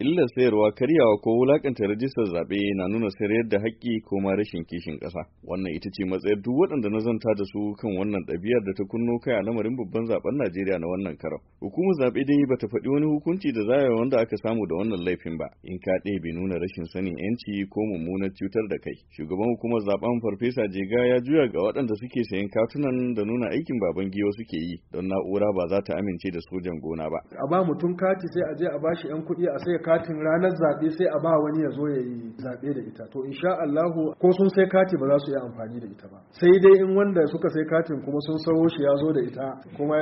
Illa sayarwa karyawa ko wulakanta rajistar zaɓe na nuna sayar da haƙƙi ko ma rashin kishin ƙasa wannan ita ce matsayar duk waɗanda na zanta da su kan wannan ɗabi'ar da ta kunno kai a lamarin babban zaben Najeriya na wannan karon hukumar zaɓe dai bata faɗi wani hukunci da za wanda aka samu da wannan laifin ba in ka ɗaya bai nuna rashin sanin yanci ko mummunar cutar da kai shugaban hukumar zaben farfesa jega ya juya ga waɗanda suke sayan katunan da nuna aikin baban giwa suke yi don na'ura ba za ta amince da sojan gona ba a ba mutum kati sai a je a bashi yan kuɗi a sai katin ranar zaɓe sai a ba wani ya zo ya yi zaɓe da ita to insha Allah ko sun sai kati ba za su yi amfani da ita ba sai dai in wanda suka sai katin kuma sun sawo shi ya zo da ita kuma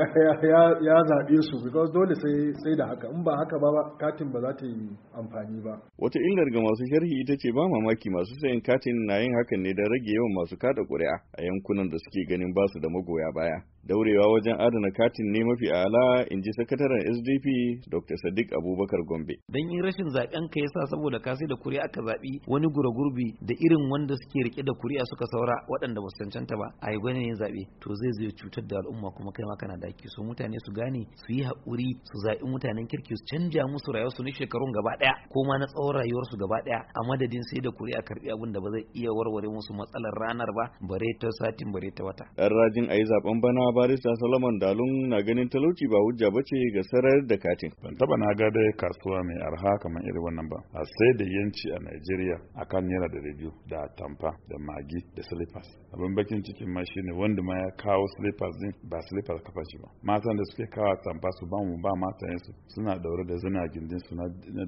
ya zaɓe su because dole sai da haka in ba haka ba katin ba za ta yi amfani ba wata illar ga masu sharhi ita ce ba mamaki masu sayan katin na yin hakan ne da rage yawan masu kada ƙuri'a a yankunan da suke ganin ba su da magoya baya daurewa wajen adana katin ne mafi ala in ji sakataren sdp dr sadiq abubakar gombe dan yin rashin zaben ka yasa saboda ka sai da kuri'a aka zaɓi wani gura gurbi da irin wanda suke rike da kuri'a suka saura waɗanda ba su cancanta ba a yi gwani yin zabe to zai zai cutar da al'umma kuma kai ma kana daki so mutane su gane su yi haƙuri su zaɓi mutanen kirki su canja musu rayuwarsu na shekarun gaba ɗaya ko ma na tsawon rayuwarsu su gaba ɗaya a madadin sai da kuri'a karɓi abin da ba zai iya warware musu matsalar ranar ba bare ta satin bare ta wata. Ɗan rajin a yi zaben bana barista Solomon Dalun na ganin talauci ba hujja ba ce ga sarar da katin. Ban taba na ga dai kasuwa mai arha kamar irin wannan ba. A sai da yanci a Najeriya kan naira da rediyo da tamfa da magi da slippers. Abin bakin cikin ma shine wanda ma ya kawo slippers din ba slippers kafa ba. Matan da suke kawo tamfa su ba mu ba matan su suna daure da zina gindin su na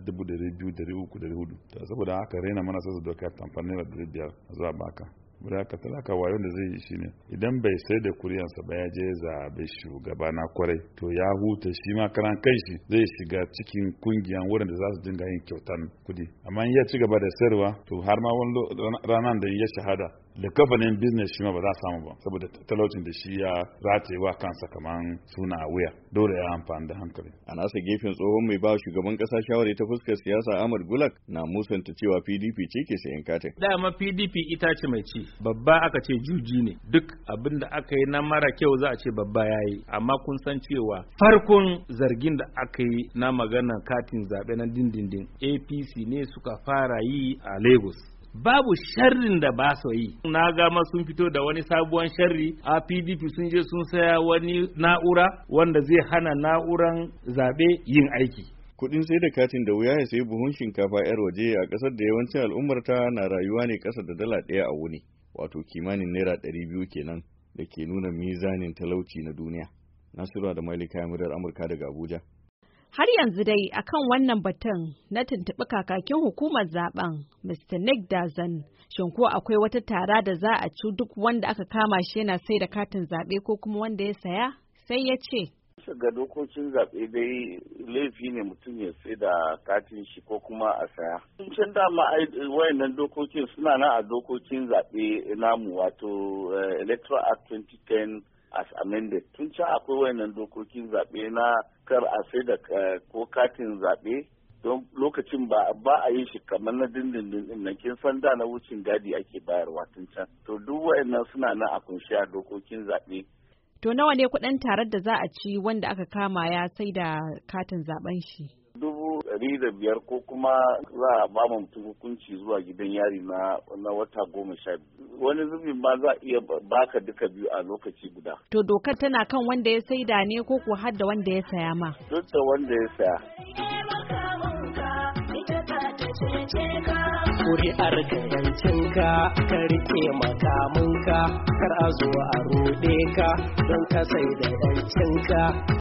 dubu da biyu da uku da hudu. Saboda haka raina mana sai su doka tamfa ne da rediyo zuwa baka. Buraka talaka wayo da zai yi shi ne idan bai sai da kuriyansa ba ya je zaɓe shugaba na kwarai to ya huta shi ma karan kai shi zai shiga cikin kungiyan wurin da za su dinga yin kyautan kudi amma in ya ci gaba da sayarwa to har ma wani ranar da ya shahada da kafanin business shi ma ba za samu ba saboda talaucin da shi ya rataye wa kansa kaman suna wuya dole ya amfani da hankali a nasa gefen tsohon mai ba shugaban kasa shawari ta fuskar siyasa Ahmad Gulak na musanta cewa PDP ce ke sayan katin dama PDP ita ce mai ci babba aka ce juji ne duk abin da aka yi na mara kyau za a ce babba yayi amma kun san cewa farkon zargin da aka yi na magana katin zaɓe na dindindin APC ne suka fara yi a Lagos babu sharrin da ba su yi na ga sun fito da wani sabuwan sharri a pdp sun je sun saya wani na'ura wanda zai hana na'uran zaɓe yin aiki kudin sai da katin da wuya ya sayi buhun shinkafa yar waje a ƙasar da yawancin al'ummar ta na rayuwa ne ƙasa da dala ɗaya a wuni wato kimanin naira ɗari biyu kenan da ke nuna mizanin talauci na duniya nasiru da malika murar amurka daga abuja Har yanzu dai akan wannan batun na tuntuɓi kakakin hukumar zaben Mr. Nick Dazan shin ko akwai wata tara da za a ci duk wanda aka kama shi yana sai da katin zaɓe ko kuma wanda ya saya sai ya ce. ga dokokin zaɓe dai laifi ne mutum ya sai da katin shi ko kuma a saya. Can dama wayannan dokokin suna nan a dokokin zaɓe namu wato eh, Electoral Act 2010 as amended tun can akwai wayannan dokokin zaɓe na kar a sai da eh, ko katin zaɓe don lokacin ba a yi shi kamar na dindindin din nan kin san da na wucin gadi ake bayarwa tun can to duk wayannan suna nan a kunshi a dokokin zaɓe to nawa ne kuɗin tarar da za a ci wanda aka kama ya sai da katin zaben shi ɗari da biyar ko kuma za a ba mutum hukunci zuwa gidan yari na wata goma sha biyu wani zubin ma za a iya baka duka biyu a lokaci guda. To dokar tana kan wanda ya saida ne ko ko hadda wanda ya saya ma? Duk da wanda ya saya. Kuri'ar ka ka rike makamunka kar a zo a ruɗe ka don ka sai da